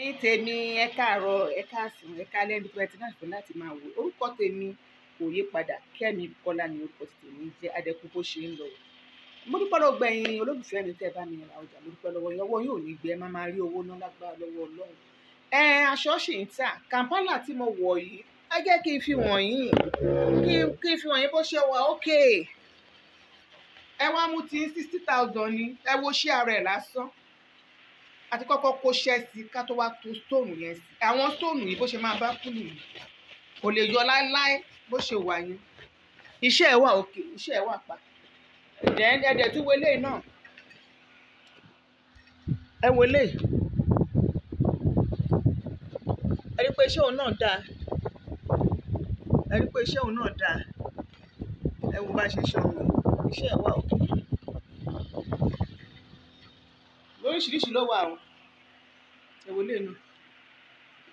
ẹ̀yin tèmi ẹ káàárọ̀ ẹ káàsán ẹ káalẹ́ nípa ẹtì náà fún láti máa wò orúkọ tèmi kò yí padà Kẹ́mi Kọ́lá ni orúkọ tèmi jẹ́ adẹkù bó ṣe ń lọ mo dúpẹ́ lọ gbẹ̀yìn olólùfẹ́ mi tẹ́ ẹ bá mi ra ọjà mo dúpẹ́ lọ́wọ́ yín ọwọ́ ní gbẹ máa máa rí owó náà lágbára lọ́wọ́ Ọlọ́run ẹ aṣọ ṣì ń tà kàmpálà tí mo wọ̀ yìí ẹ jẹ́ kí n fi wọ̀nyí kí n fi wọ̀nyí bó ṣe wà ókè ẹ wá mú ti sixty thousand ni ẹ wo ṣé ara ẹ̀ lásán àti kọ́kọ́ kó ṣẹ́ sí ká tó wá to stone yẹn sí àwọn stone yìí bó ṣe máa bá kúlù yìí kò lè yọ láéláé bó ṣe wà yẹn iṣẹ́ ẹ̀ wà òkè iṣẹ́ ẹ̀ wà pa ẹ̀dẹ̀ tún wo eléyìí náà ẹ wo eléyìí ẹ rí pé iṣẹ́ òun náà dáa ẹ rí pé iṣẹ́ òun náà dáa ẹ wo bá ṣe ṣe ọ̀hún iṣẹ́ ẹ̀ wà òkè. oríṣiríṣi ló wà o ẹ̀wò lè nu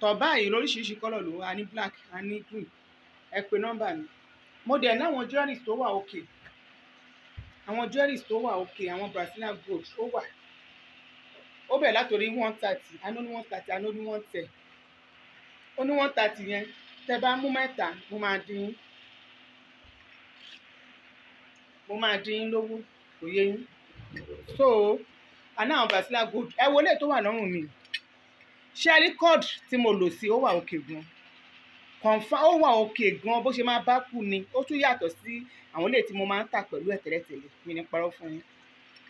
tọ̀ báyìí lóríṣiríṣi kọ́lọ̀ ló wà a ní black a ní green ẹ pè nọ́mbà mi mo dẹ̀ láwọn jewelries tó wà òkè àwọn jewelries tó wà òkè àwọn brazilian gold ó wà ó bẹ̀ látòrí one thirty àná ní one thirty àná ní one ten ó ní one thirty yẹn tẹ́ bá mú mẹ́ta mo máa dín mo máa dín lówó kò yé yín so àná àwọn Basila Gold ẹ wọlé tó wà lọ́rùn mi ṣẹ́rí cord tí mo lò sí ó wà òkè gan kọ̀ǹfà ó wà òkè gan bó ṣe máa bá kú ni ó tún yàtọ̀ sí àwọn ilé tí mo máa ń tà pẹ̀lú ẹ̀ tẹ́lẹ̀tẹ́lẹ̀ mi ní parọ́ fún yín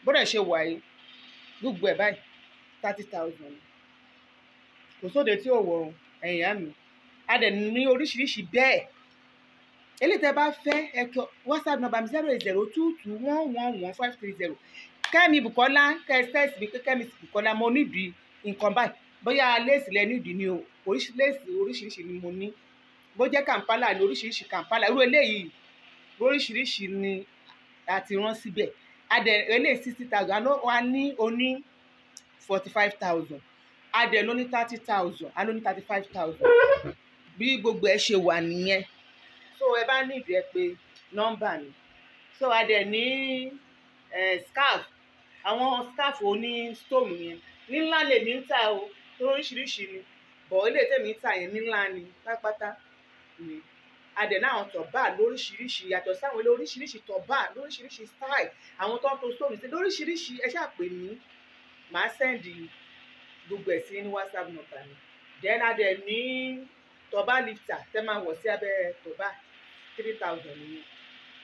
bọ́dọ̀ ṣe wà yìí gbogbo ẹ̀ báyìí thirty thousand kò sóde tí ò wọ̀ ẹ̀yìn àmì a dẹ̀ ní oríṣiríṣi bẹ́ẹ̀ eléyìí tẹ́ bá fẹ́ ẹ kọ whatsapp number mi zero eight zero two two one one one five three zero kẹ́mi Bùkọ́lá kẹ́sẹ́sì bíi kẹ́mi Bùkọ́lá mo nídìí nǹkan báyìí bóyá léèsì lẹ nídìí ni o léèsì oríṣiríṣi ni mo ní bó jẹ́ kàǹpálà ni oríṣiríṣi kàǹpálà irú eléyìí oríṣiríṣi ni àti rán síbẹ̀ adẹ eléyìí sixty thousand àná wa ní oní forty five thousand adẹ ló ní thirty thousand àná ló ní thirty five thousand bí gbogbo ẹ ṣe wà nìyẹn so ẹ bá ní ìdí ẹ pé nọ́mbà ni so adẹ ní eh, scarf àwọn staff oní stone yẹn nílá lèmi ń tà o tó oríṣiríṣi ni bọ̀ ilé tèmi ń tà yẹn nílá ni pátápátá ni adẹ̀nà àwọn tọ̀bá lóríṣiríṣi yàtọ̀ sáwọn ilé oríṣiríṣi tọ̀bá lóríṣiríṣi style àwọn tó ń to stone sí lóríṣiríṣi ẹ ṣáà pè mí màá sẹ́ndì gbogbo ẹ̀ sí ní whatsapp number mi then adẹ̀ ní tọ̀bá lifter tẹ́ máa wọ̀ sí abẹ́ tọ̀bá three thousand nìyẹn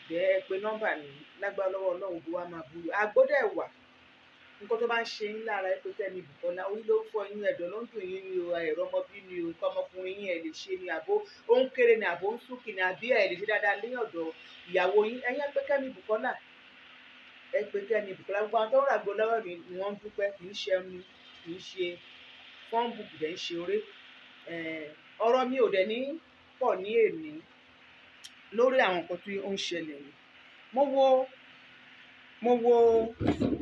dẹ́ pé nọ́mbà mi lágbára lọ́wọ́ ọlọ́run gbogbo wa máa burú agbódẹ̀ wà 0244 nǹkan tó bá ń ṣe yín lára ẹ̀kọ́ tẹ́mi Bùkọ́lá orí ló ń fọ yín ẹ̀dọ̀ ló ń dùn yín ni o ẹ̀rọ ọmọ bí ni o nǹkan ọmọkùnrin yín ẹ̀ lè ṣe ni àbó ó ń kéré ni àbó ń súnkì ni àbí ẹ̀ lè ṣe dáadáa lé ọ̀dọ̀ ìyàwó yín ẹ̀yìn ẹgbẹ́ Kẹ́mi Bùkọ́lá ẹgbẹ́ Kẹ́mi Bùkọ́lá gbogbo àwọn tó ń ràgbọ́ lọ́wọ́ mi ni wọ́n ń dúpẹ́ kì í ṣe ẹnu kì í ṣe fọ́ǹbù kì í ṣe oré ọ̀rọ̀ mi ò dẹ̀ ní pọ̀ ní èmi lórí àwọn nǹkan tó ń ṣẹlẹ̀ mo wo mo wo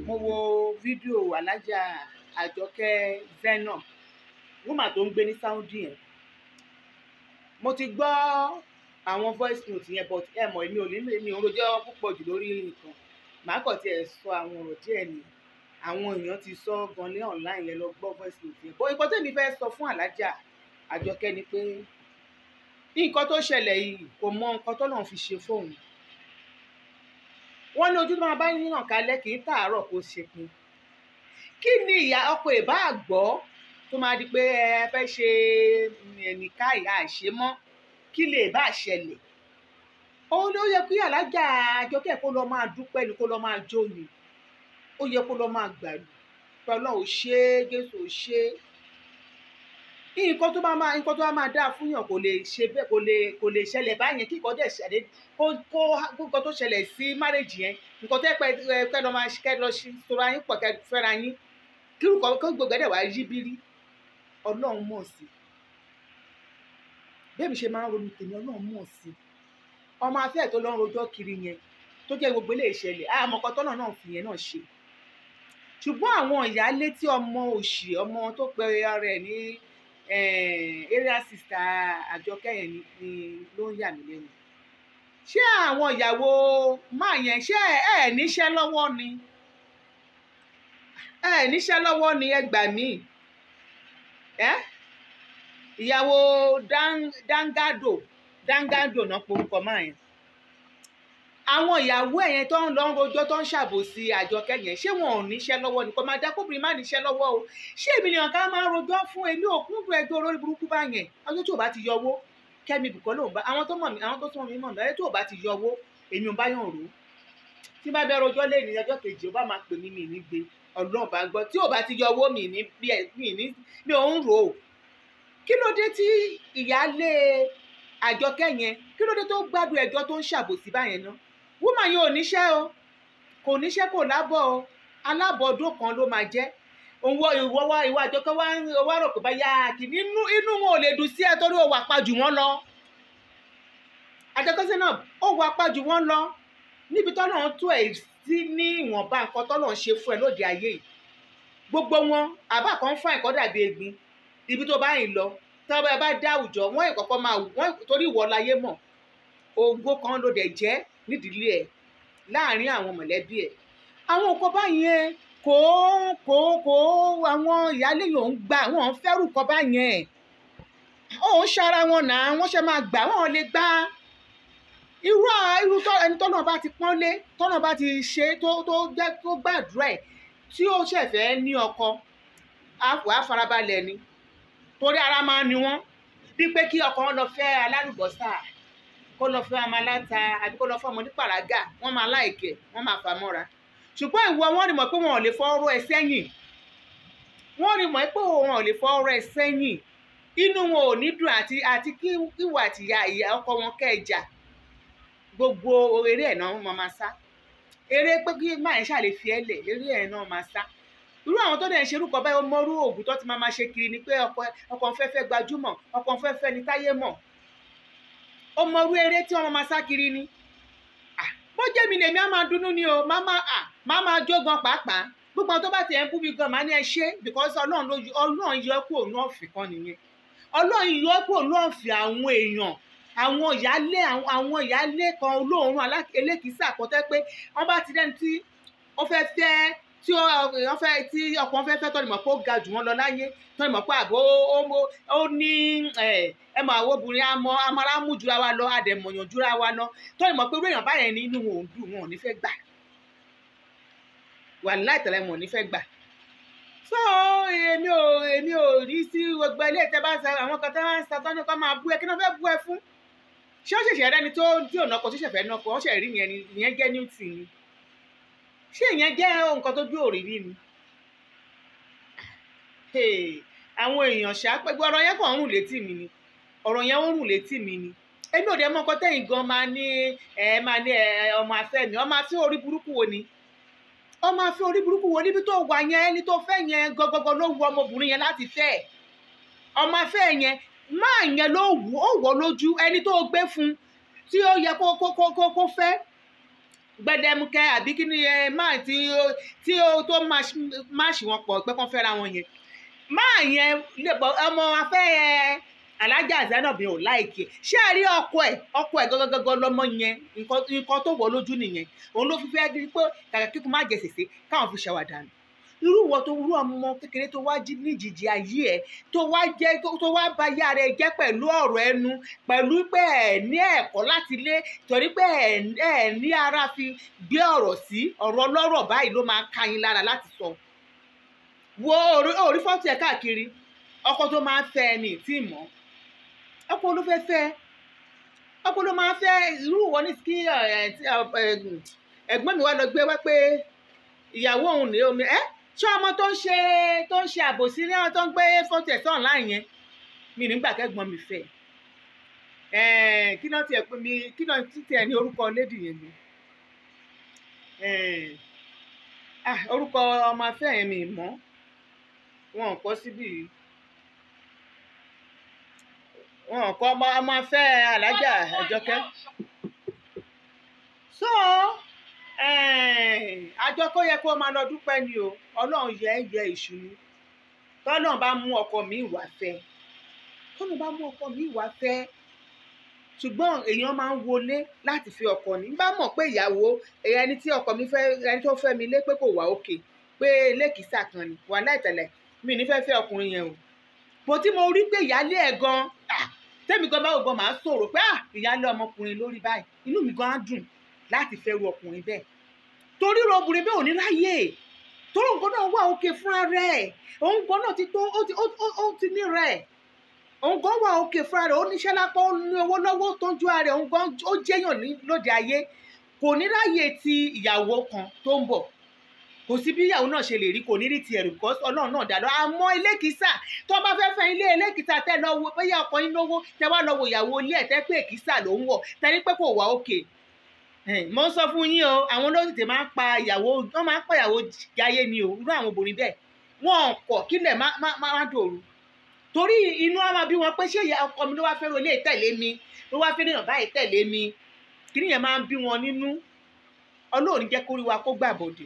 mo wo fídíò alájà àjọkẹ́ Zainab wúmà tó ń gbé ní Saudi yẹn mo ti gbọ́ àwọn voice note yẹn but ẹ mọ̀ èmi ò ní mi ò rojọ́ púpọ̀ jù lórí nǹkan màá kàn tiẹ̀ sọ àwọn ọ̀rọ̀ díẹ̀ ni àwọn èèyàn ti sọ gan ní online yẹn lọ gbọ́ voice note yẹn bó ikọ́ tèmi fẹ́ sọ fún alájà àjọkẹ́ ni pé nǹkan tó ṣẹlẹ̀ yìí kò mọ nǹkan tó lọ́n fi ṣe fóun wọ́n ní ojú tó máa bá yíyàn kalẹ̀ kì í tààrọ̀ kó ṣepin kí ni ìyá ọkọ ìbá àgbọ́ tó máa di pé ẹ fẹ́ ṣe mm, ẹnìká ìyá àṣemọ́ kí lè bá ṣẹlẹ̀ òun ló yẹ kí alájà àjọkẹ́ kó lọ máa dúpẹ́ ni kó lọ máa jó ni ó yẹ kó lọ máa gbàlù pẹ̀lú ọ̀ṣẹ́ jésù ọ̀ṣẹ́ nǹkan tó bá máa nǹkan tó bá máa dáa fún yàn kò lè ṣe bẹ́ẹ̀ kò lè kò lè ṣẹlẹ̀ báyẹn kí nǹkan dẹ̀ ṣẹlẹ̀ kó kó nǹkan tó ṣẹlẹ̀ sí márèjì yẹn nǹkan tẹ́ pẹ́ kẹ́ lọ máa kẹ́ lọ sora yín pọ̀ kẹ́ fẹ́ra yín kí nǹkan kó gbogbo ẹ̀dẹ̀ wá yí bírí ọlọ́run mọ̀ sí bẹ́ẹ̀ mi ṣe máa ń ronú tèmi ọlọ́run mọ̀ sí ọmọ afẹ́ tó lọ́ ń rojọ́ kiri yẹn tó jẹ́ gbogbo ilé ìṣẹ̀lẹ̀ àmọ́kọ́ tọ́nà náà fi yẹn náà ṣe ṣùgbọ́n àwọn ìyáálé tí ọmọ òṣì ọmọ tó pẹ́ ara ẹ̀ ní Eh, area sister àjọkẹ́ yẹn ni ló ń yà mí lẹ́nu ṣé àwọn ìyàwó máa yẹn ṣé ẹ níṣẹ́ lọ́wọ́ ni ẹ níṣẹ́ lọ́wọ́ ni ẹ gbà mí ẹ ìyàwó dangado dangado náà porúkọ máa yẹn àwọn ìyàwó ẹ̀ yẹn tó ń lọ ń rojọ́ tó ń ṣàbòsí àjọkẹ́ yẹn ṣé wọn ò níṣẹ́ lọ́wọ́ ni kò máa dá kóbìnrin má níṣẹ́ lọ́wọ́ o ṣé èmi nìyàn ká máa rojọ́ fún èmi òkun dùn ẹjọ́ olórí burúkú bá yẹn ọjọ́ tí ò bá ti yọ owó kẹ́mi bùkọ́ lòun bá àwọn tó mọ̀ mí àwọn tó sọ mí mọ̀ mí ọjọ́ tí ò bá ti yọ owó èmi ò bá yàn rò tí bá bẹ rojọ́ lé ní ọjọ́ kejì ó bá máa pè mí mi ní gbé gbọ́ tí ò woman yìí ò níṣẹ́ o kò níṣẹ́ kò lábọ̀ o alábọ̀ọ́dún kan ló máa jẹ́ òwò ìwọ wa ìwà àjọkẹ́ wa wá rò pé bá yá kì nínú inú wọn ò lè dùn sí ẹ torí ó wà pa jù wọ́n lọ àjọkẹ́ Zainab ó wà pa jù wọ́n lọ níbi tọ́nà tó ẹ̀ sí ní ìwọ̀nba nǹkan tọ́nà ṣe fún ẹ lóde ayé yìí gbogbo wọn àbá kan fún ẹ̀kọ́ dàbí egbin ibi tó bá yìn lọ tí wọ́n bá dá àwùjọ wọ́n ìkọ̀kọ́ máa wọ́n torí ìwọ láyé mọ̀ ògo kan ló dẹ̀ jẹ́ nídìílé ẹ̀ láàárín àwọn mọ̀lẹ́bí ẹ̀ àwọn nǹkan báyẹn kò kò kò àwọn ìyáálé yòó ń gbà wọn ń fẹ́rù kọ́ báyẹn òun ṣara wọn náà wọ́n ṣe máa gbà wọ́n lè gbà irú irú ẹni tọ́nà bá ti pọ́nlé tọ́nà bá ti ṣe tó tó jẹ́ tó gbàdúrà ẹ̀ tí ó ṣẹ̀fẹ̀ ní ọkọ àpò àfarabalẹ̀ ni torí ara máa ni wọ́n bí pé kí ọkọ wọn lọ fẹ́ alárùbọ́sà kó lọ fẹ́ ọmọ aláta àbí kó lọ fẹ́ ọmọ onípàràgà wọ́n máa láìkẹ̀ wọ́n máa fà mọ́ra ṣùgbọ́n ìwọ wọn ni mọ̀ pé wọn ò lè fọ ọ̀rọ̀ ẹ sẹ́yìn wọn ni mọ̀ pé wọn ò lè fọ ọ̀rọ̀ ẹ sẹ́yìn inú wọn ò ní dùn àti àti kí ìwà àtìyà ìyá ọkọ wọn kẹjà gbogbo eré ẹ̀ náà wọ́n máa sá eré pé kí máa ń ṣàlè fi ẹ́ lẹ̀ eré ẹ̀ náà máa sá irú àwọn tó dẹ̀ ń ṣerúkọ báyìí mọ́rú oògùn tó ti máa máa ṣe kiri ni pé ọkọ ọkọ ń fẹ́fẹ́ gbajúmọ̀ ọkọ ń fẹ́fẹ́ ni táyé mọ̀ ọmọ orú eré tí wọ́n máa sá kiri ni bó jẹ́ mi lèmi á máa dunnú ni o máa máa máa jó gan pàápàá gbogbo àwọn tó bá tiẹ̀ ń bú mi gan máa ní ẹ ṣe because ọlọ́run ló yọ ọlọ́run yọ kú òun ọ̀fì kan nìyẹn ọlọ́run yọ kú òun ọ̀fì àwọn èèyàn àwọn ìyálé àwọn ìyálé kan olóòórùn elékìísà kan tẹ́ pé wọ́n bá ti dẹ́ni tí ó fẹ́ fẹ́ tí um, èèyàn fẹ́ tí ọkàn fẹ́ fẹ́ tọ́nìmọ̀ pé ó ga jù wọ́n lọ láyé tọ́nìmọ̀ pé àbó ó ní ẹ mọ̀ àwọn obìnrin amọ̀ amáramú jura wa lọ àdẹ̀mọ̀yàn jura wa lọ tọ́nìmọ̀ pé èèyàn báyẹn ní inú wọn ò dùn wọn ò ní fẹ́ gbà wà láìtẹ̀lẹ́ wọn ò ní fẹ́ gbà. so èmi ò èmi ò rí sí gbogbo ilé ìtẹ́ bá sa àwọn kan tó ń sa tọ́nù kan máa bú ẹ kí ni wọ́n fẹ́ bú ẹ fún ṣé ó ṣẹ̀ṣẹ̀ rẹ́ni tó tí ò ṣé ìyẹn jẹ́ nǹkan tó dúró rírí ni àwọn èèyàn ṣàpẹ́gbẹ́ ọ̀rọ̀ yẹn kàn ń rùn létí mi ni ọ̀rọ̀ yẹn ń rùn létí mi ni èmi ò dé mọ́ ọkọ tẹ́yìn gan máa ní ẹ máa ní ẹ ọmọ afẹ́ mi ọmọ afẹ́ orí burúkú wo ni ọmọ afẹ́ orí burúkú wo níbi tó wà yẹn ẹni tó fẹ́ yẹn gọgọgọ ló wu ọmọbìnrin yẹn láti fẹ́ ẹ̀ ọmọ afẹ́ yẹn máa yẹn ló wù ó wọ̀ lójú ẹni tó gbé fún tí ó yẹ kó kó kó kó fẹ́ gbẹdẹmukẹ àbí kí ni ẹ máa tí ó tí ó tó máàṣì wọn pọ̀ pé kán fẹ́ra wọn yẹn máa yẹn lè bọ ọmọ afẹ́ ẹ alájà Zainab ò láìkí ṣé ẹ rí ọkọ ẹ ọkọ ẹ gọgọgọgọ lọmọ yẹn nǹkan tó wọ lójú nìyẹn òun ló fi fẹ́ gbé pé kàkà kíkún má jẹ sèse káwọn fi ṣàwádà nù irú ìwọ tó rú ọmọ kékeré tó wá jí ní ayé ẹ tó wá jẹ tó wá ba ayé ara jẹ pẹ̀lú ọ̀rọ̀ ẹnu pẹ̀lú pé ẹ ní ẹ̀kọ́ láti lé torí pé ẹ ní ara fi gbé ọ̀rọ̀ sí ọ̀rọ̀ ọlọ́rọ̀ báyìí ló máa ka yín lára láti sọ wo orí fọ́tò ẹ káàkiri ọkọ tó máa ń ẹni tí mọ̀ ọkọ ló fẹ́ fẹ́ ọkọ ló máa ń irú ìwọ ní kí ẹ̀gbọ́n mi wá lọ gbé wá pé ìyàwó òun ní omi ẹ. Eh? ṣé ọmọ tó ń ṣe tó ń ṣe àbòsí ní ọ̀tọ̀ ń gbé fọ́tẹ̀ sọ̀n láì yẹn mi nígbà kẹ́gbọ́n mi fẹ́ kí náà tiẹ̀ pé mi kí náà tiẹ̀ ní orúkọ lédì yẹn mi ah, orúkọ ọmọ afẹ́ yẹn mi mọ́ wọn kọ́ síbí yìí wọn kọ́ ọmọ afẹ́ alájà ẹ̀jọ̀kẹ́ so àjọ kó yẹ kó máa lọ dúpẹ́ ni o ọlọ́run yẹ ń yẹ ìṣúnú tọ́nà bá mú ọkọ mi ìwà fẹ́ tọ́nà bá mú ọkọ mi ìwà fẹ́ ṣùgbọ́n èèyàn máa ń wọlé láti fi ọkọ ní bá mọ̀ pé ìyàwó ẹni tí ọkọ mi fẹ́ ẹni tó fẹ́ mi lé pé kò wá òkè pé lẹ́kìsà kan ni wà láìtẹ̀lẹ̀ mi ní fẹ́ẹ́ fẹ́ ọkùnrin yẹn o bó tí mo rí pé ìyálé ẹ̀ gan tẹ́mi gan báwo gan máa ń sọ̀rọ̀ pé ìyálé ọmọkùnrin lórí báyìí inú mi gan á dùn láti fẹ́rù ọkùnrin bẹ́ẹ̀ torí ro obìnrin bẹ́ẹ̀ ò ní láyè torí nǹkan náà wà òkè fúnra rẹ̀ òun nǹkan náà ti tó ó ti ní rẹ̀ òun gan wà òkè fúnra rẹ̀ ó níṣẹ́ lápá ó ní owó lọ́wọ́ tó ń jó ara rẹ̀ òun gan ó jẹ́yàn lóde ayé kò ní láyè ti ìyàwó kan tó ń bọ̀ kò sí bí ìyàwó náà ṣe lè rí kò ní rí ti ẹ̀rù kọ́ ọlọ́run náà dáadọ́ àmọ́ elékìísà tó bá fẹ́ fẹ́ ilé elékìísà tẹ́ lọ wo bóyá ọkọ yín lówó tẹ́ wá lọ ìyàwó ilé ẹ̀ tẹ́ pé èkìísà ló ń wọ̀ tẹ́ ní pé kò wá òkè mo sọ fún yín o àwọn ló tètè máa ń pa ìyàwó wọn máa ń pa ìyàwó jayé ni o irú àwọn obìnrin bẹ́ẹ̀ wọn kọ kílẹ̀ má dòru torí inú á máa bí wọn pé ṣé ọkọ mi ló wá fẹ́ràn ilé tẹ̀lé mi ló wá fẹ́ràn ìyàn báyìí tẹ̀lé mi kí nìyẹn máa ń bí wọn nínú ọlọ́run jẹ́ kórí wa kó gbàbọ̀dè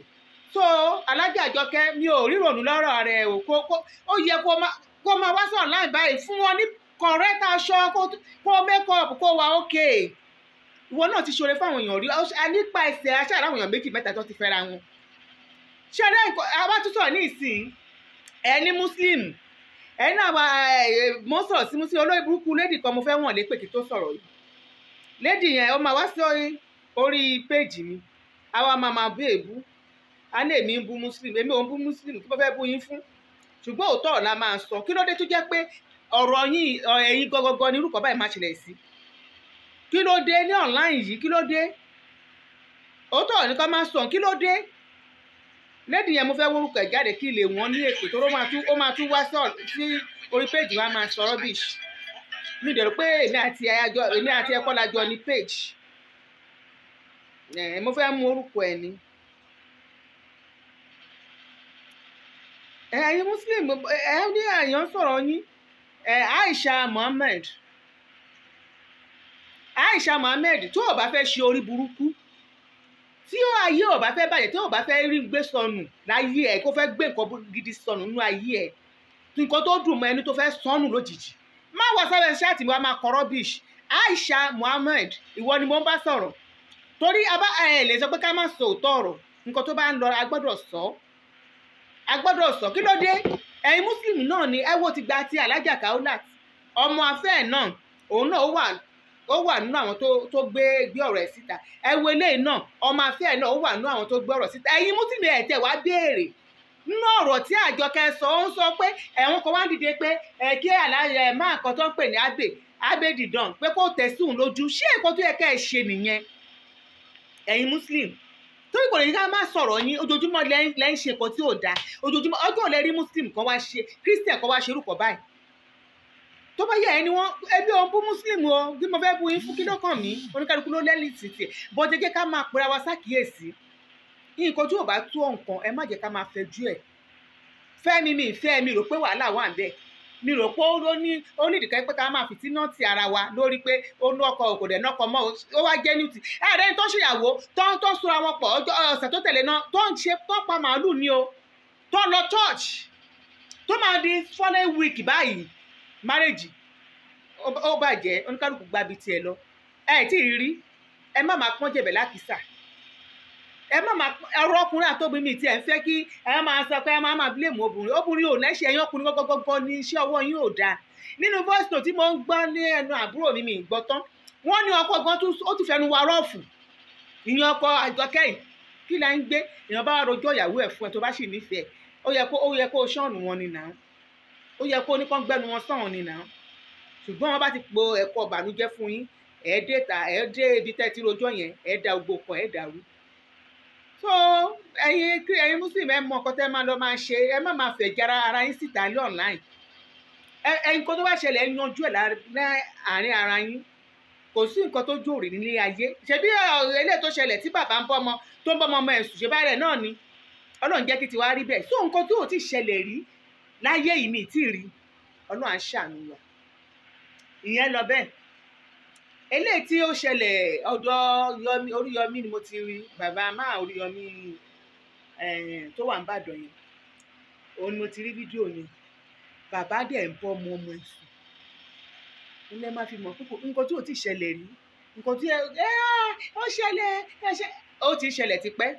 so alájà àjọkẹ́ mi ò rírònú lọ́rọ̀ rẹ o kó kó ó yẹ kó má kó máa wá sọ̀rọ̀ láì báyìí fún wọn ní correct aṣọ kó make up kó wa okay ìwọ náà ti ṣoore fáwọn èèyàn rí nípa ẹsẹ̀ aṣáára àwọn èèyàn méjì mẹ́ta tó ti fẹ́ra wọn ṣẹlẹ àwa tún sọ̀rọ̀ ní ìsìn ẹni muslim ẹni àwa mo sọ̀rọ̀ sí muslim olóyè burúkú lédì kan mo fẹ́ wọ̀n lépè kí tó sọ̀rọ̀ yìí lédì yẹn ó máa wá sí orí péèjì mi àwa máa máa bú èébú a ní èmi ń bú muslim èmi ò ń bú muslim kí mo fẹ́ bú yín fún ṣùgbọ́n òótọ́ ọ̀la máa sọ kí ló dé tó jẹ́ pé ọ̀rọ̀ yín ẹ̀yin gọ́gọ́gọ́ ni irú kan báyìí máa ṣẹlẹ̀ sí i kí ló dé ní online yìí kí ló dé òótọ́ ní ká máa sọ kí ló dé lédi yẹn mo fẹ́ wórúkọ ẹ̀ jáde kí ilé wọn ní èpè tó ó máa tún wá sí orí péjì wa máa sọ rubbish mi dẹ̀rọ pé èmi àti ayájọ èmi àti ẹ̀kọ́ lajọ ní Page, ẹ̀ mo fẹ́ mú orúkọ ẹ̀ ni. ẹ̀yin muslim ẹ̀ ẹ̀ ní àyàn sọ̀rọ̀ yín ẹ̀ Aisha Muhammad. Aisha Mohammed tó o bá fẹ́ ṣe orí burúkú tí ó ayé ò bá fẹ́ bàjẹ́ tí ò bá fẹ́ rí gbé sọnù láyé ẹ̀ kó fẹ́ gbé nǹkan gidi sọnù nínú ayé ẹ̀ nǹkan tó dùn mọ́ ẹni tó fẹ́ sọnù lójijì má wọ sábẹ́ ṣáàtì wa máa kọ rubbish Aisha Mohammed ìwọ ni mo ń bá sọ̀rọ̀ torí abá ẹ̀ lè sọ pé ká má sọ òótọ́ ọ̀rọ̀ nǹkan tó bá ń lọ a gbọ́dọ̀ sọ a gbọ́dọ̀ sọ kí ló dé ẹ̀yin mùsùlùmí náà ni ẹ wo ti gba ti Alhaja Kaulat ọmọ afẹ́ náà òun náà wà ó wà nínú àwọn tó gbé gbé ọ̀rọ̀ ẹ̀ síta ẹ wo eléyìí náà ọmọ afẹ́ ẹ̀ náà ó wà nínú àwọn tó gbé ọ̀rọ̀ síta ẹ̀yin mùsùlùmí ẹ̀ tẹ̀ wá béèrè nínú ọ̀rọ̀ tí àjọkẹ́ sọ ó ń sọ pé ẹ̀wọ̀n kan wá ń dìde pé ẹ̀ kí àlàyé ẹ̀ máa kọ́ tó ń pè ní abe abe didan pé kó tẹ̀sùn lójú ṣé èkó tó yẹ ká ẹ̀ ṣe nìyẹn ẹ̀yin muslim torí kò lè ká má sọ̀rọ̀ yín ojoojúmọ́ lẹ́ ń ṣe nǹkan tí ò dáa ojoojúmọ́ ọjọ́ ò lè rí muslim kan wá ṣe christian kan wá ṣerú kan báyìí tó bá yẹ ẹni wọn ẹbí òun bú mùsùlùmí o bí mo fẹ́ bu yín fún kí ló kàn mí oníkálukú ló lẹ́lì títì bọ́dé jẹ́ ká máa pera wa sákìyèsí nǹkan tí ò bá tó nǹkan ẹ má jẹ́ ká máa fẹjú ẹ̀ fẹ́mi mi ìfẹ́ mi rò pé wàhálà wà níbẹ̀ mi rò pé ó ní ó ní ìdìkan pé ká máa fi tíná ti ara wa lórí pé ó ní ọkọ kò dẹ̀ nọkọ mọ́ ó wá jẹ́ ní ti ẹ̀rẹ́ tó ṣèyàwó tó tó sura wọn pọ̀ ọ̀sẹ̀ tó tẹ̀lé náà tó ń ṣe pọ́pá màálù ni o tó lọ church tó máa di following week báyìí márèjì ó bàjẹ́ oníkálukú bi tiẹ̀ lọ ẹ tí ì rí ẹ má máa pọ́n jẹ̀bẹ̀ lákìsà ẹ má máa ọkùnrin àtòbí mi ń fẹ́ kí ẹ máa sọ pé ẹ máa máa bílẹ̀mù obìnrin obìnrin ò lẹ́sẹ̀ ẹ̀yìn ọkùnrin gbọ́gbọ́gbọ́ ní iṣẹ́ ọwọ́ yín dáa nínú voice note tí mo ń gbọ́ ní ẹnu àbúrò ní gan ó ó yẹ kó ní kán gbẹnu wọn sàn nìyà ṣùgbọ́n wọn bá ti po ẹ̀kọ́ ìbànújẹ́ fún yín ẹ̀ dé ta ẹ̀ dé ibi tẹ́ ti rojọ́ yẹn ẹ̀ da gbogbo kan ẹ̀ dàrú. so ẹ̀yin ẹ̀yin muslim ẹ mọ nǹkan tẹ́ máa lọ máa ṣe ẹ má máa fẹ̀ jara ara yín síta lé online ẹ̀yin kan tó bá ṣẹlẹ̀ ẹ yanjú ẹ̀ láàrin ara yín kò sí nǹkan tó jòrè nílé ayé ṣebí eléyìí tó ṣẹlẹ̀ tí bàbá ń bọ́mọ tó ń bọ́mọ ọmọ ẹ̀sùn ṣe báyìí náà ni ọlọ́run jẹ́ kí tiwa rí bẹ́ẹ̀ so nǹkan tó ò tí ṣẹlẹ̀ rí láyé yìí mi tí ì rí ọlọ́run à ń ṣàánú wa ìyẹn lọ bẹ́ẹ̀ eléyìí tí ó ṣẹlẹ̀ ọ̀dọ̀ yọmi oríyọmi ni mo ti rí bàbá máa oríyọmi eh, tó wà ń bàdàn yẹn òun ni mo ti rí fídíò yẹn bàbá dẹ̀ ń bọ́ ọmọ ọmọ ẹ̀ sùn ilé má fi mọ̀ púpọ̀ nǹkan tí ò ti ṣẹlẹ̀ rí nǹkan tí ẹ ó ṣẹlẹ̀ ẹ ṣe ó ti ṣẹlẹ̀ tipẹ́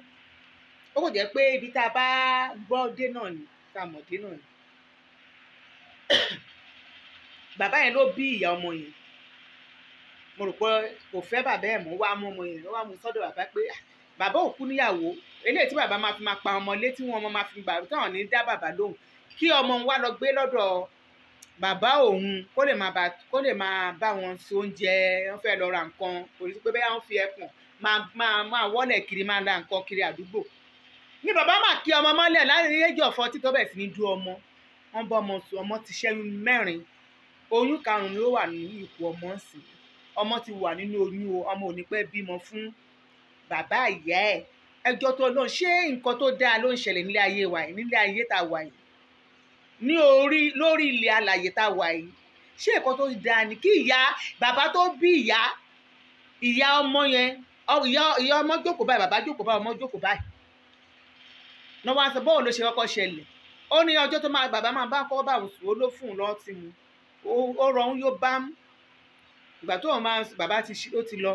ó kò jẹ́ pé ibi tá a bá gbọ́ dé náà ni tá a mọ̀ dé náà ni bàbá yẹn ló bí ìyá ọmọ yẹn mo rò pé kò fẹ́ bàbá ẹ̀ mọ́ wá mú ọmọ yẹn wá mú sọ́dọ̀ bàbá pé ah, bàbá òkú níyàwó eléyìí tí bàbá máa fi máa pa ọmọ lé tí wọn ọmọ máa fi gbà táwọn ní dá bàbá lóhùn kí ọmọ òun wá lọ gbé lọ́dọ̀ bàbá òun kó lè máa bá kó lè máa bá wọn ṣe oúnjẹ wọn fẹ́ lọ ra nǹkan kò sí pé bẹ́ẹ̀ wọ́n fi ẹ̀pọ̀n máa máa máa wọ́lẹ̀ kiri máa ra nǹkan kiri àdúgbò ni bàbá máa kí ọmọ mọ́lẹ̀ láàrin ẹjọ́ fọ́ títọ́ bẹ̀ sí ní dú ọmọ wọ́n bọ́ ọmọ sùn ọmọ ti ṣẹ́yún mẹ́rin oyún karùn-ún ló wà ní ipò ọmọ sí ọmọ ti wà nínú oyún o ọmọ ò ní pẹ́ bímọ fún bàbá ìyá ẹ̀ ẹjọ́ tó lọ ṣé nǹkan tó dáa ló ń ṣẹlẹ̀ nílé ayé wa yìí nílé ayé tá a wà yìí ní orí lórí ilẹ̀ alàyè tá a wà yìí ṣé nǹkan tó dáa ni kí ìyá bàbá tó bí ìyá ìyá ọmọ yẹn ìyá ọmọ jókòó báyìí bàbá jókòó báyìí ọmọ jókòó báyìí lọ́wọ́ aṣọ bọ́ọ̀ ló ṣe kọ́kọ́ ṣẹlẹ̀ ó ní ọjọ́ tó máa bàbá máa bá kọ́ bá òun sùn ó ló fún un lọ́ ti mu ó rọ òun yóò bá mú ìgbà tó máa bàbá ti ó ti lọ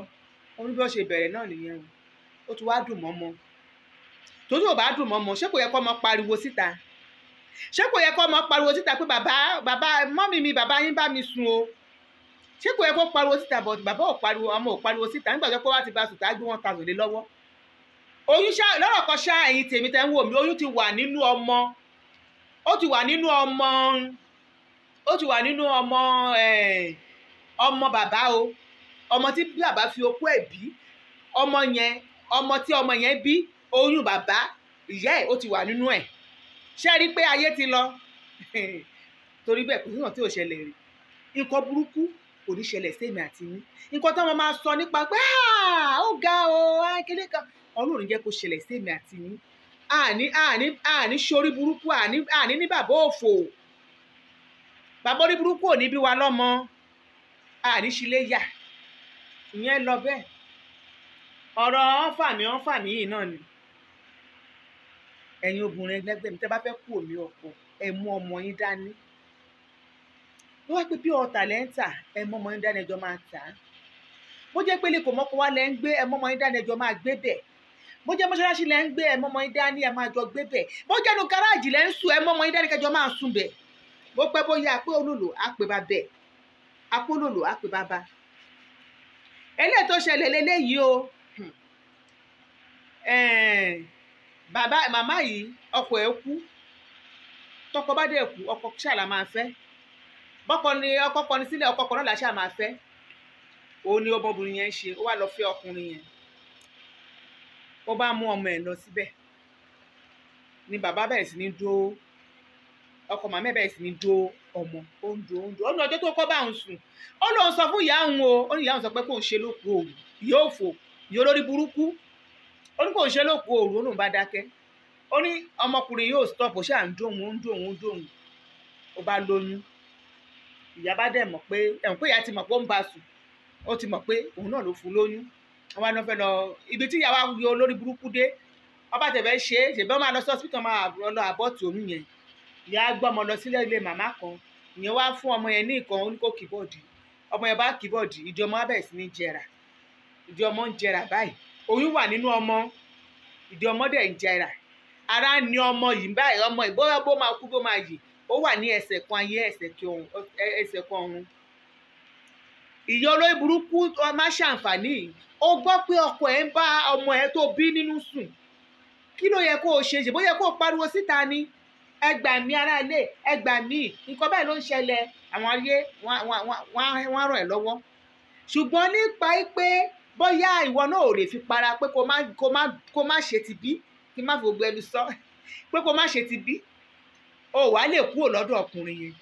ó ní bí wọ́n ṣe bẹ̀rẹ̀ náà nìyẹn o ó ti wá dùn mọ́mọ́ tó tó bá dùn mọ́mọ́ ṣé kò yẹ kó ọmọ pariwo síta ṣé kò yẹ kó ọmọ pariwo síta pé bàbá bàbá mọ́mì mi bàbá yín bá mi sùn o ṣé kò yẹ kó pariwo síta but bàbá ò pariwo ọmọ ò pariwo síta nígbà tó kó wá ti bá sùn tá a gbé wọn ta lòlé lọ́wọ́ oyún ṣá lọ́rọ̀ kan ṣá ẹ̀yin tèmi tẹ́ ń wò mí oyún ti wà nínú ọmọ ó ti wà nínú ọmọ ó ti wà nínú ọmọ eh, ọmọ bàbá o ọmọ tí bàbá fi okú ẹ̀ bí ọmọ yẹn ọmọ tí ọmọ yẹn bí oyún bàbá ìyá ẹ̀ ó ti wà nínú ẹ̀ ṣé rí pé ayé ti lọ torí bẹ́ẹ̀ kò sí ìwọ̀n tí ò ṣẹlẹ̀ rí nǹkan burúkú kò ní ṣẹlẹ̀ sẹ́mi àti yín nǹkan táwọn máa sọ nípa pé ah, ó ga o ah, kékeré kan ọlọ́run jẹ́ kó ṣẹlẹ̀ sẹ́mi àti yín àní àní àní sori burúkú àní àní ní bàbá òfò bàbá orí burúkú ò ní bí wa lọ́mọ àní sílé yà ìyẹn lọ bẹ́ẹ̀ ọ̀rọ̀ ọ̀fàmì ọ̀fàmì yìí náà ni ẹ̀yin obìnrin ẹgbẹ́ mi tẹ́ bá fẹ́ kú omi ọkọ̀ ẹ mú ọmọ yín dání bó wá pé bí ọ̀tà lẹ́ ń tà ẹ mú ọmọ yín dání ẹjọ́ máa tà á bó jẹ́ pé lè kò mọ́kọ́ wá lẹ́ ń gbé ẹ mú ọmọ yín dání ẹjọ́ máa gbé bẹ́ẹ̀ bó jẹ́ mọ́ṣáláṣí lẹ́ ń gbé ẹ̀ mọ́mọ́ yín dání ẹ̀ máa jọ gbé bẹ̀ bó jẹ́ nu gáràjì lẹ́ ń sùn ẹ̀ mọ́mọ́ yín dání kẹjọ máa sùn bẹ̀ bó pẹ́ bóyá àpé olòlò àpè bá bẹ̀ àpé olòlò àpè bá bá eléyìí tó ṣẹlẹ̀ lélẹ́yìí o bàbá màmá yìí ọkọ ẹ̀ kú tọkọ bá dẹ̀ kú ọkọ ṣàlà máa fẹ́ bọ́kọ ni ọkọ kọni sílẹ̀ ọkọ kọ làṣà máa fẹ́ òun ni ọmọbìnrin yẹn ń ṣe ó wà lọ fẹ́ ọkùnrin yẹn ó bá mú ọmọ ẹ̀ lọ síbẹ̀ ni bàbá bẹ̀rẹ̀ sí ní dó ọkọ màmá ẹ̀ bẹ̀rẹ̀ sí ní dó ọmọ ó ń dó ó ń dó ó ní ọjọ́ tó kọ́ bá òun sùn ó lóun sọ fún ìyá òun o ó ní ìyá òun sọ pé kò ń ṣe lóko òru yóò fò yóò lórí burúkú ó ní kò ń ṣe lóko òru ó lóun bá dákẹ́ ó ní ọmọkùnrin yóò stop ó ṣáà ń dóhùn ó ń dóhùn ó ń dóhùn ó bá lóyún ìyá bá dẹ̀ mọ̀ pé ẹ̀hún pé ìyá ti mọ̀ pé ó ń bá sùn ó ti mọ̀ pé òun náà ló fún lóyún àwọn àna fẹ́ lọ ibi tí ìyàwó àwọn olórí burúkú dé ọba tẹ̀fẹ́ ṣe é ṣèbí wọn máa lọ sí hospital máa lọ àbọ̀tì òun yẹn ìyá gbọ́mọ lọ sílẹ̀ ilé màmá kan ìyẹn wá fún ọmọ yẹn ní nǹkan oníkó kìbọ̀dì ọmọ yẹn bá kìbọ̀dì ìdí ọmọ abẹ́ sí ní jẹrà ìdí ọmọ ń jẹrà báyìí oyún wà nínú ọmọ ìdí ọmọ dẹ̀ ń jẹrà ara ni ọmọ yìí báyìí ọmọ yìí bóyá bó máa kú bó máa yè ó wà ní ẹsẹ̀ kan ayé ẹsẹ̀ kan ọ̀run ìyá olóyè burúkú má ṣàǹfààní yìí o gbọ́ pé ọkọ ẹ̀ ń bá ọmọ ẹ̀ tó bí nínú sùn kí ló yẹ kó o ṣe ṣe bó yẹ kó o pariwo síta ni ẹ gbà mí ará ilé ẹ gbà mí nǹkan báyìí ló ń ṣẹlẹ̀ àwọn ayé wọ́n á ràn ẹ́ lọ́wọ́ ṣùgbọ́n nípa pé bóyá ìwọ náà ò lè fi para pé kó má kó má kó má ṣe ti bí kí má fi gbogbo ẹnu sọ pé kó má ṣe ti bí o wàá lè kúrò lọ́dọ̀ ọkùnrin yẹn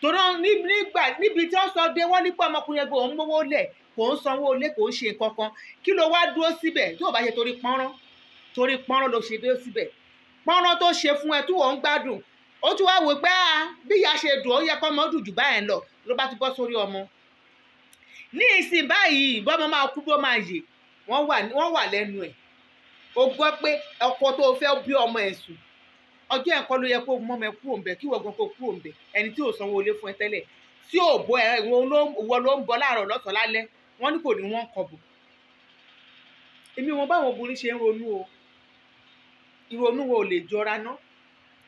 tòun nígbà níbi tí wọ́n sọ dé wọ́n ní pé ọmọkùnrin ẹgbẹ́ òun mówó lẹ̀ kò ń sanwó ilé kò ń ṣe nǹkan kan kí ló wá dúró síbẹ̀ tó o bá ṣe torí pọ́nrán torí pọ́nrán ló ṣe dúró síbẹ̀ pọ́nrán tó ṣe fún ẹ tó o ń gbádùn ó tún wá wò pé ah, bí ìyá ṣe dùn ó yẹ kọ́ ọmọ dùn jù báyẹn lọ ló bá ti bọ́ sórí ọmọ ní ìsìn báyìí bọ́mọ máa kú bó máa yè wọ́n wà lẹ́nu ẹ̀ o gbọ́ pé ọkọ tó o fẹ́ bí ọmọ ẹ̀ sùn ọjọ́ ẹ̀kọ́ ló yẹ kó mọ́ ọmọ ẹ̀ kú òǹbẹ̀ kí wọ́n gan kó kú òǹbẹ̀ ẹni tí ò sanwó ilé fún ẹ tẹ́lẹ̀ tí ò bọ́ ẹ̀ wọ́n ló ń bọ́ láàárọ̀ lọ́sàn lálẹ́ wọ́n ní kò ní wọ́n kọ̀bọ̀ èmi wọn báwọn obìnrin ṣe ń ronú o ìrònú wo lè jọra ná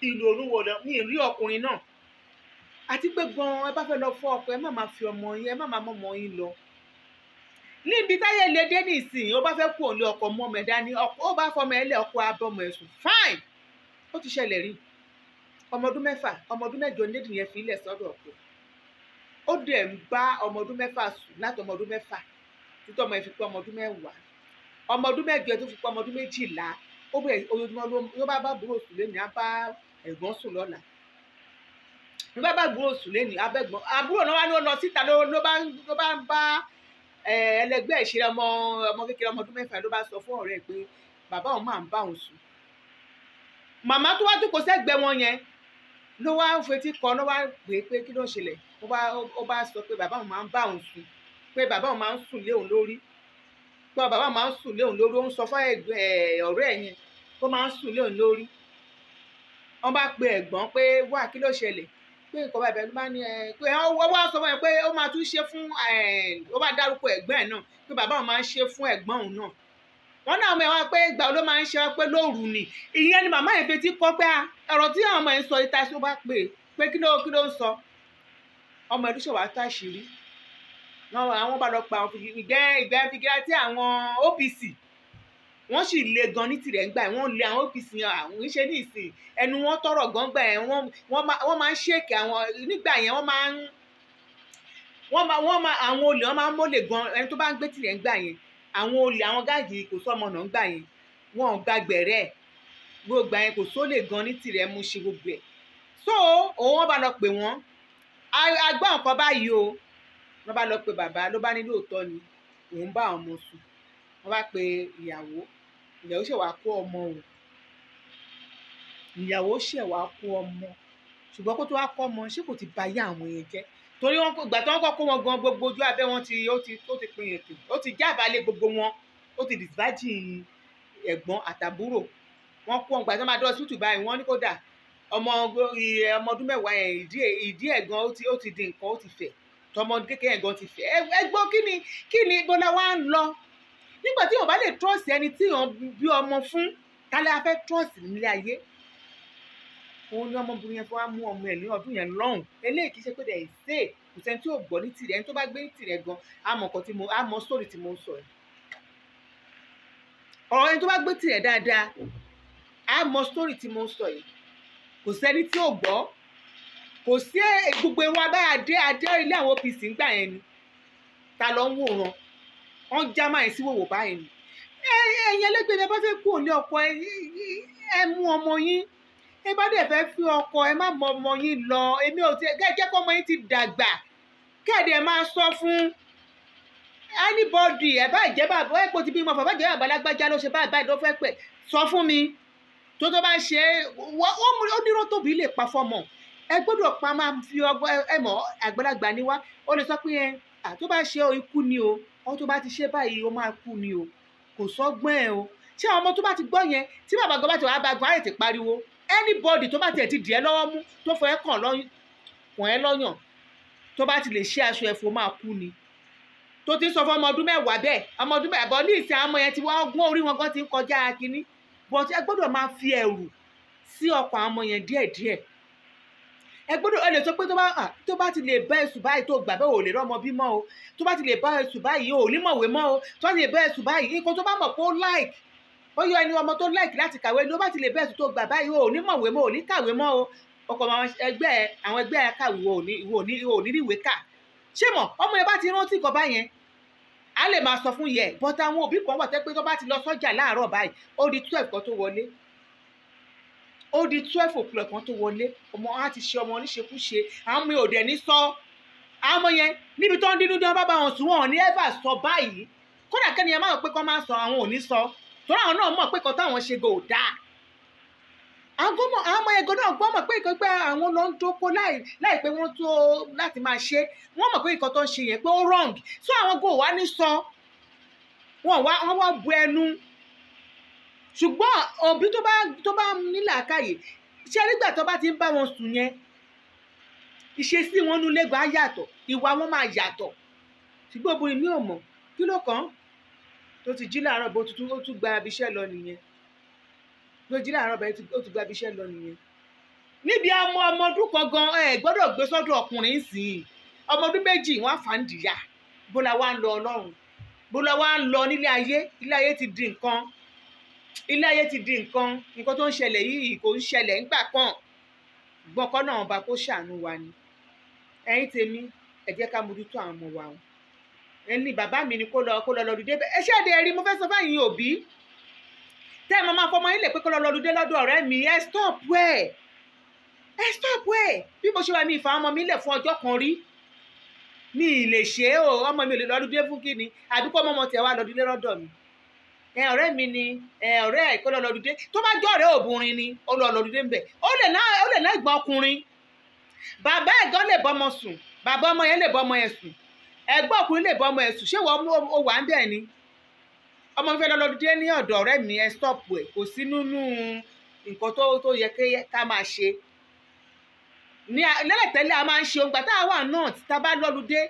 ìrònú wo lọ ní ìrí ọkùnrin náà àti pé gan-an ẹ bá fẹ́ lọ fọ́ ọkọ ẹ má máa fi ọmọ yín ẹ má máa mọ́mọ yín lọ níbi táyé lè dé nísìnyí ó bá fẹ́ kú òǹlé ọkọ mọ́ ọmọ ẹ̀ dání ó bá fọmọ ẹ̀ lẹ̀ ọkọ abọ́mọ ẹ̀ sùn fine ó ti ṣẹlẹ̀ rí ọmọ ọdún mẹ́fà ọmọ ọdún mẹ́jọ nídìí yẹn fi ilẹ̀ sọ́dọ̀ ọkọ ó dẹ̀ ń bá ọmọ ọdún mẹ́fà sùn láti ọmọ ọdún mẹ́fà títí ọmọ yẹn fi pé ọmọ ọdún mẹ́wàá ọmọ ọdún mẹ́jọ tó fi pé ọmọ ọdún méjìlá ó bẹ̀rẹ̀ ojoojúmọ́ ló bá bá búrò sùn lẹ́nu á bá ẹ̀gbọ́n sùn lọ́la ló bá bá búrò sùn lẹ́nu abẹ́gbọ́n àbúrò náà wá ló lọ síta ló bá ń bá ẹlẹgbẹ́ ìṣeré ọmọ ọmọ kékeré ọmọ ọdún mẹ́fà ló bá sọ fún ọ̀rẹ́ pé bàbá òun máa ń bá òun sùn màmá tó wá jókòó sẹ́gbẹ̀ẹ́ wọn yẹn ló wá ń fetí kọ ló wá gbé pé kí ló ń ṣẹlẹ̀ ó bá ó bá sọ pé bàbá òun máa ń bá òun sùn pé bàbá òun máa ń sùn lé òun lórí pé bàbá òun máa ń sùn lé òun lórí ó ń sọ fún ọ̀rẹ́ ẹ̀ yẹn kó máa ń sùn lé òun lórí wọ́n bá pe ẹ̀gbọ́n pé wá kí ló ṣẹlẹ̀ pé nǹkan bàbá ló máa ní ẹ pé ọwọ́ wá sọ fún ẹ pé ó máa tún ṣe fún ó bá dárúkọ ẹ̀gbọ́n ẹ̀ náà pé bàbá òun máa ń ṣe fún ẹ̀gbọ́n òun náà wọn náà ọmọ ẹ wá pé ìgbà ló máa ń ṣe wá pé lóru ni ìyẹn ni màmá yẹn fetí kọ pé ọ̀rọ̀ tí àwọn ọmọ yẹn sọ ìta sí ó bá pè pé kí ló kí ló ń sọ ọmọ ẹdún ṣòwò àtọ àṣírí àwọn bá lọ pa ìgbẹ́ ìgbẹ́ fìgíra tí àwọn OPC wọ́n sì le gan ní tirẹ̀ ńgbà wọ́n lé àwọn OPC yẹn àwọn iṣẹ́ ní ìsìn ẹnu wọn tọrọ gan gbà yẹn wọ́n máa ń ṣèkè àwọn nígbà yẹn wọ́n máa ń wọ́n máa wọ́n máa àwọn olè wọ́n máa ń mólè gan ẹni tó bá ń gbé tirẹ̀ ńgbà yẹn àwọn olè àwọn gáàgì kò sọmọ náà ń gbà yẹn wọn ò gba gbẹ̀rẹ́ gbogbo yẹn kò sólè gan ní tirẹ̀ mú ṣe gbogbo ẹ̀ so òun wọn bá lọ pè wọn agbá nǹkan báyìí o wọn bá lọ pè bàbá ló bá ní lóòótọ́ ni òun bá ọmọ sùn wọn bá pe ìyàwó ìyàwó ṣe wá kó ọmọ o ìyàwó ṣe wá kó ọmọ ṣùgbọ́n kó tó wá kó ọmọ ṣé kò ti ba yá àwọn yẹn jẹ́ torí wọn gbà tí wọn kọ kó wọn gan gbogbo ojú abẹ́ wọn ti ó ti ó ti pin ètò ó ti jábàálé gbogbo wọn ó ti dìbàjì ẹ̀gbọ́n àtàbúrò wọn kó wọn gbà tí wọn máa dọ sútù báyìí wọn ní kó dà ọmọ ọmọ ọdún mẹ́wàá yẹn ìdí ìdí ẹ̀gbọ́n ó ti ó ti di nǹkan ó ti fẹ̀ tọmọ kékeré ẹ̀gbọ́n ti fẹ̀ ẹ̀gbọ́n kí ni kí ni bọlá wa ń lọ nígbà tí yóò bá lè trọ́ọ̀sì ẹni tí yóò bí ọmọ fún tálẹ́ afẹ́ trọ́ọ̀sì nílé ayé òun ni ọmọ obìnrin yẹn fi wá mú ọmọ ẹ̀ ní ọdún yẹn lọ́hùn eléyìí kì í ṣe pé dẹ̀ ṣe kò sẹ́ni tí ò gbọ́ ní tirẹ̀ ẹni tó bá gbé ní tirẹ̀ gan àmọ́ tí mo àmọ́ sórí tí mo ń sọ ẹ̀ ọ̀rọ̀ ẹni tó bá gbé tirẹ̀ dáadáa àmọ́ sórí tí mo ń sọ yìí kò sẹ́ni tí ò gbọ́ kò sí eh, gbogbo ewu abáyà dé adé ilé àwọn OPC ń gbà yẹn ni ta ló ń wòran wọ́n já máa yẹn sí báyìí ni ẹ̀yin ẹlẹ́gbẹ̀ẹ́ bá fẹ́ kú òní ọkọ ẹ mú ọmọ yín ẹ bá dẹ̀ fẹ́ fi ọkọ ẹ má mọ ọmọ yín lọ èmi ò ti ẹ jẹ́ kó ọmọ yín ti dàgbà kẹ́ẹ̀dẹ̀ máa sọ fún anybody ẹ bá jẹ́ bàbá ẹ kò ti bímọ bàbá jẹ́ bàbá lágbájá ló ṣe báyìí báyìí ló fẹ́ pẹ̀ sọ fún mi tó tó bá ṣe ó nírò tóbi lè pa fọmọ ẹ gbọ́dọ̀ pa máa fi ọgbọ́n ẹ mọ̀ àgbàlagbà ni wá ó lè sọ pé ẹ tó bá ṣe ikú ni o ọ tó bá ti ṣe báyìí ó máa kú ni o kò sọ́gbọ́n ẹ o ṣé àwọn ọmọ tó bá ti gbọ́ yẹn tí bàbá gan bá ti wà á bá gan á lè ti pariwo anybody tó bá tiẹ̀ ti dì ẹ́ lọ́wọ́ mú tó fọ ẹ́ kàn ẹ́ lọ́yàn tó bá ti lè ṣe aṣọ ẹ̀fọ́ máa kú ni tó ti sọ fún ọmọ ọdún mẹ́wàá bẹ́ẹ̀ ọmọ ọdún mẹ́wàá bọ́ ní ìsìn àwọn ọmọ yẹn ti wọ́n gún orí wọn gan ti ń kọjá kínní but ẹ gbọ́dọ̀ máa fi ẹ̀rù sí ọkàn àwọn ọmọ yẹn díẹ̀díẹ̀ ẹ gbọ́dọ̀ ẹ lè sọ pé tó bá ti lè bá ẹ̀sùn báyìí tó gbà bẹ́ẹ̀ ò lè rọ́mọ bí mọ́ o tó bá ti lè bá ẹ̀sùn báyìí ò ní mọ̀wé mọ́ o tó bá ti lè bá ẹ̀sùn báyìí nǹkan tó bá mọ̀ pé like ó yọ ẹni ọmọ tó láìkí láti kàwé ló bá ti lè bẹ́ẹ̀ tó gbà báyìí o ò ní mọ̀wé mọ́ ò ní kàwé mọ́ o ọ̀pọ̀ àwọn ẹgbẹ́ àwọn ẹgbẹ́ akáwì wo ò ní wo ò ní ríwèé kà ṣé mọ̀ ọmọ yẹn bá ti rántí nǹkan báyẹn a lè máa sọ fún yẹ bọ́tà àwọn òbí kan wà tẹ́ pé tó bá ti lọ sọ́jà láàárọ̀ báyìí ó di twelve kan tó wọlé ó di twelve o'clock kan tó wọlé ọmọ á ti ṣe ọmọ oníṣekúṣe àwọn ọmọ òde ní sọ àwọn ọmọ yẹn níbi tó ń dínú dán bá bá wọn sùn wọn ò ní ẹ́fà sọ báyìí kódà kẹ́ni ẹ má rò pé kọ́ máa sọ àwọn ò ní sọ torí àwọn náà mọ̀ pé kan táwọn ṣe gò dáa àwọn ọmọ ẹ̀gọ́ náà gbọ́ mọ̀ pé ìkan pé àwọn lọ ń dóko láì pé wọ́n tó láti máa ṣe wọ́n mọ̀ pé ìkan tó ń ṣe yẹn pé ó wrong so àwọn gò wá ní sọ wọn wá wọn wá bu ẹnu ṣùgbọ́n òbí tó bá tó bá ní làákàyè ṣé nígbà tó bá ti ń bá wọn sùn yẹn ìṣesí wọn nulẹ̀ gbà yàtọ̀ ìwà wọn máa yàtọ̀ ṣùgbọ́n obìnrin mi ò mọ̀ kí ló kàn án tó ti jí làárọ̀ bó tuntun ó tún gba abiṣẹ́ lọ nìyẹn tó jí làárọ̀ bẹ́ẹ̀ ó tún gba abiṣẹ́ lọ nìyẹn. níbi ọmọ ọmọ ọdún kan gan ẹ gbọ́dọ̀ gbé sọ́dọ̀ ọkùnrin sìn ọmọ ọdún méjì wọn àfàǹdìyà bó la wá ń lọ ọlọ́run bó la wá ń lọ nílé ayé ilé ayé ti di nǹkan ilé ayé ti di nǹkan nǹkan tó ń ṣẹlẹ̀ yìí kò ń ṣẹlẹ̀ ńgbà kan gbọ́kọ́ náà ọba kó ṣàánú wa ni ẹ̀yin tèmi ẹ ká mójútó àwọn ọmọ wa o ẹni bàbá mi ni kó lọ kó lọ lọdún dé ẹ ṣé èdè ẹ̀rí mo fẹ́ sọ fáyìn òbí tẹ́ ẹ máa fọmọ yín lè pé kó lọ lọdún dé lọ́dọ̀ ọ̀rẹ́ mi ẹ stop ẹ ẹ stop ẹ bí mo ṣe wà mí ìfà ọmọ mi lẹ̀ fún ọjọ́ kan rí mi ì lè ṣe é o ọmọ mi ò lè lọdún dé fún kí ni àbí kó ọmọ tiẹ̀ wá lọdún dé lọ́dọ̀ mi ẹ ọ̀rẹ́ mi ni ẹ ọ̀rẹ́ ẹ kó lọ lọdún dé tó bá jọ ọ̀rẹ́ obìnrin ni ó lọ lọdún dé ń bẹ̀ ó lè ná ó lè ná ìgbọ́n ọkùnrin bàbá ẹ̀gán lè bọ́mọ sùn bàbá ọmọ yẹn lè bọ́mọ yẹn sùn ẹgbẹ́ ọkùnrin lè bọ́ ọmọ ẹ̀sùn ṣé wọ́n ó wà ń bẹ̀ ni ọmọ mi fẹ́ lọ́lọ́dún dé ní ọ̀dọ̀ ọ̀rẹ́ mi ẹ stọ́ọ̀pù ẹ̀ kò sí nínú nǹkan tó tó yẹ ká máa ṣe ní lẹ́lẹ̀tẹ́lẹ̀ a máa ń ṣe ohun gbà tá a wà náà tá a bá lọ́lu dé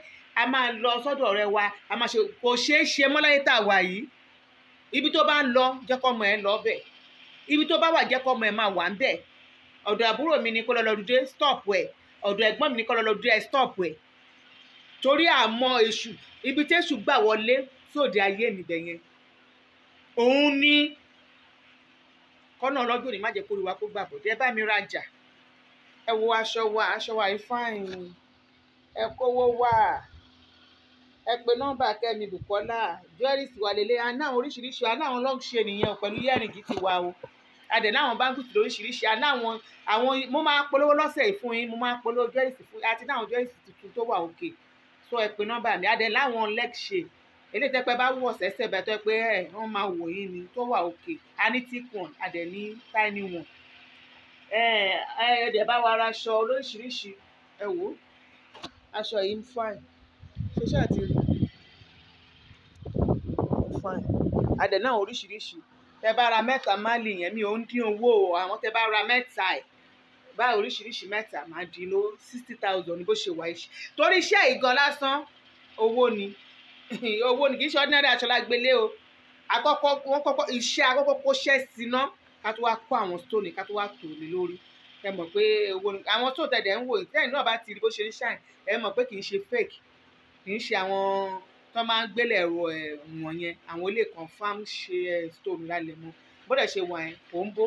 a máa lọ sọ́dọ̀ ọ̀rẹ́ wa a máa ṣe kò ṣeé ṣe mọ́láyé tá a wà yìí ibi tó bá ń lọ jẹ́ kọ́mọ ẹ̀ lọ bẹ̀ ibi tó bá wà jẹ́ kọ́mọ ẹ̀ máa wà ń bẹ̀ ọ̀dọ̀ àbúrò mi ni kó lọ́lọ́dún dé stọ́ọ̀pù ẹ̀ ọ̀dọ̀ ẹ̀gbọ́n mi ni kó lọ́lọ́dún dé stọ́ọ̀pù ẹ̀ torí àmọ́ èṣù ibi tẹ́ṣù gbà wọlé sóde ayé níbẹ̀ yẹn òun ní kọ́nà ọlọ́jọ́ ní má jẹ́ kórìíwá kó gbàgbọ́ ẹ bá mi rajà ẹ wo aṣọ wa aṣọ wa ìfáàyìn ẹ kówó wá ẹ pe nọ́mbà Kẹ́mi Bùkọ́lá jewelries wà lélẹ̀ àná àwọn oríṣiríṣi àná àwọn long chain nìyẹn pẹ̀lú yẹ́rìngì ti wà o adẹ náwọn báńkì tó lóríṣiríṣi àná àwọn àwọn mo máa polówó lọ́sẹ̀ ìfún yín mo máa polówó jewelries fún yín àti náwọn jewelries tuntun tó wà òkè. Okay sọ ẹ pé nọ́mbà mi adẹ láwọn lẹ́kṣẹ̀ eléyìí tẹ́pẹ́ bá wọ̀ sẹ́sẹ̀ bá tọ́ pé ẹ̀ wọ́n máa wò yín ni tó wà òkè a ní tíkùn adẹ ní táìní wọn ẹ ẹ dẹ̀ bá wa raṣọ lóríṣiríṣi ẹ wò ó aṣọ yìí ń fine ṣe ṣáà ti rí ń fine náà oríṣiríṣi tẹ bá ra mẹ́ta máàlì yẹn mi ò ń dín owó àwọn tẹ bá ra mẹ́ta ẹ̀ bá oríṣiríṣi mẹ́ta máa di ló sixty thousand ní bó ṣe wà iṣẹ́ torí iṣẹ́ ìgan lásán owó ni owó ni kì í ṣe ordinary aṣọ lágbélé o àkọ́kọ́ wọ́n kọ́kọ́ iṣẹ́ àkọ́kọ́ kó ṣẹ́ sí ná ká tó wá kó àwọn stone ká tó wá tò lé lórí ẹ mọ̀ pé owó ni àwọn stone tẹ̀dẹ̀ ń wò tẹ́yìn náà bá ti rí bó ṣe ń ṣàn ẹ mọ̀ pé kì í ṣe fake kì í ṣe àwọn tó máa ń gbélé ẹ̀rọ ẹ̀ wọ̀nyẹn àwọn ilé kan farm ṣe stone lálẹ́ mọ́ bó dẹ̀ ṣe wà yẹn kò ń bó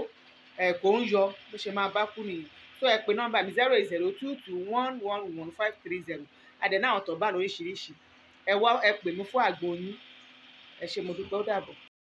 ẹ̀ kò ń yọ bó ṣe máa bá kú nìyẹn so ẹ pè nọ́mbà mi zero eight zero two two one one one five three zero àdẹ̀ náà ọ̀tọ̀ bá lóríṣiríṣi ẹ wá ẹ pè mí fún àgbo yín ẹ ṣé mo dúpẹ́ ó dàbọ̀.